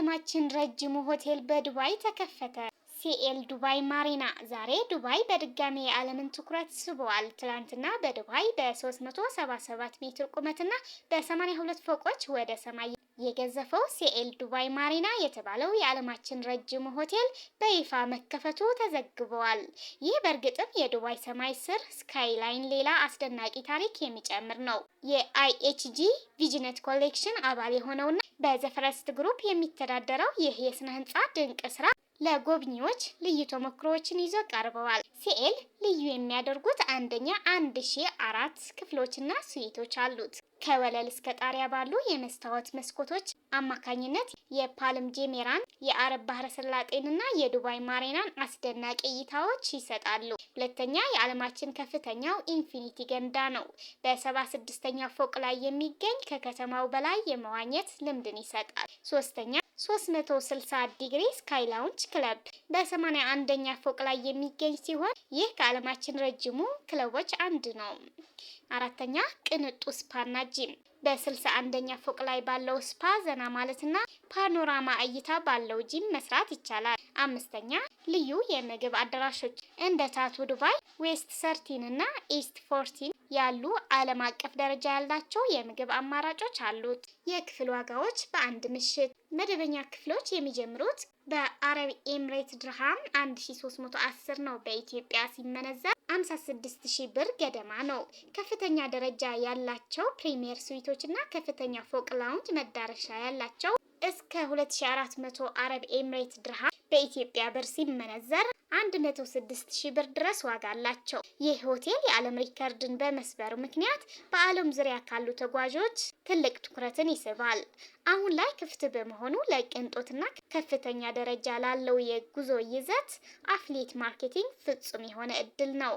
የዓለማችን ረጅሙ ሆቴል በዱባይ ተከፈተ። ሲኤል ዱባይ ማሪና ዛሬ ዱባይ በድጋሚ የዓለምን ትኩረት ስበዋል። ትላንትና በዱባይ በ377 ሜትር ቁመትና በ82 ፎቆች ወደ ሰማይ የገዘፈው ሲኤል ዱባይ ማሪና የተባለው የዓለማችን ረጅሙ ሆቴል በይፋ መከፈቱ ተዘግበዋል። ይህ በእርግጥም የዱባይ ሰማይ ስር ስካይላይን ሌላ አስደናቂ ታሪክ የሚጨምር ነው። የአይኤችጂ ቪዥነት ኮሌክሽን አባል የሆነውና በዘፈረስት ግሩፕ የሚተዳደረው ይህ የስነ ህንፃ ድንቅ ስራ ለጎብኚዎች ልዩ ተሞክሮዎችን ይዘው ቀርበዋል። ሲኤል ልዩ የሚያደርጉት አንደኛ አንድ ሺ አራት ክፍሎችና ስዊቶች አሉት። ከወለል እስከ ጣሪያ ባሉ የመስታወት መስኮቶች አማካኝነት የፓልም ጄሜራን የአረብ ባህረ ሰላጤንና የዱባይ ማሬናን አስደናቂ እይታዎች ይሰጣሉ። ሁለተኛ የዓለማችን ከፍተኛው ኢንፊኒቲ ገንዳ ነው። በሰባ ስድስተኛ ፎቅ ላይ የሚገኝ ከከተማው በላይ የመዋኘት ልምድን ይሰጣል። ሶስተኛ 360 ዲግሪ ስካይ ላውንጅ ክለብ በሰማንያ አንደኛ ፎቅ ላይ የሚገኝ ሲሆን ይህ ከዓለማችን ረጅሙ ክለቦች አንዱ ነው። አራተኛ ቅንጡ ስፓና ጂም በስልሳ አንደኛ ፎቅ ላይ ባለው ስፓ ዘና ማለትና ፓኖራማ እይታ ባለው ጂም መስራት ይቻላል። አምስተኛ ልዩ የምግብ አዳራሾች እንደ ታቱ ዱባይ፣ ዌስት ሰርቲን እና ኢስት ፎርቲን ያሉ ዓለም አቀፍ ደረጃ ያላቸው የምግብ አማራጮች አሉት። የክፍል ዋጋዎች በአንድ ምሽት መደበኛ ክፍሎች የሚጀምሩት በአረብ ኤምሬት ድርሃም 1310 ነው። በኢትዮጵያ ሲመነዘር ሺ ብር ገደማ ነው። ከፍተኛ ደረጃ ያላቸው ፕሪሚየር ስዊቶች እና ከፍተኛ ፎቅ ላውንጅ መዳረሻ ያላቸው እስከ 2400 አረብ ኤምሬት ድርሃም በኢትዮጵያ ብር ሲመነዘር 106 ሺህ ብር ድረስ ዋጋ አላቸው። ይህ ሆቴል የዓለም ሪከርድን በመስበሩ ምክንያት በዓለም ዙሪያ ካሉ ተጓዦች ትልቅ ትኩረትን ይስባል። አሁን ላይ ክፍት በመሆኑ ለቅንጦትና ከፍተኛ ደረጃ ላለው የጉዞ ይዘት አፍሊት ማርኬቲንግ ፍጹም የሆነ እድል ነው።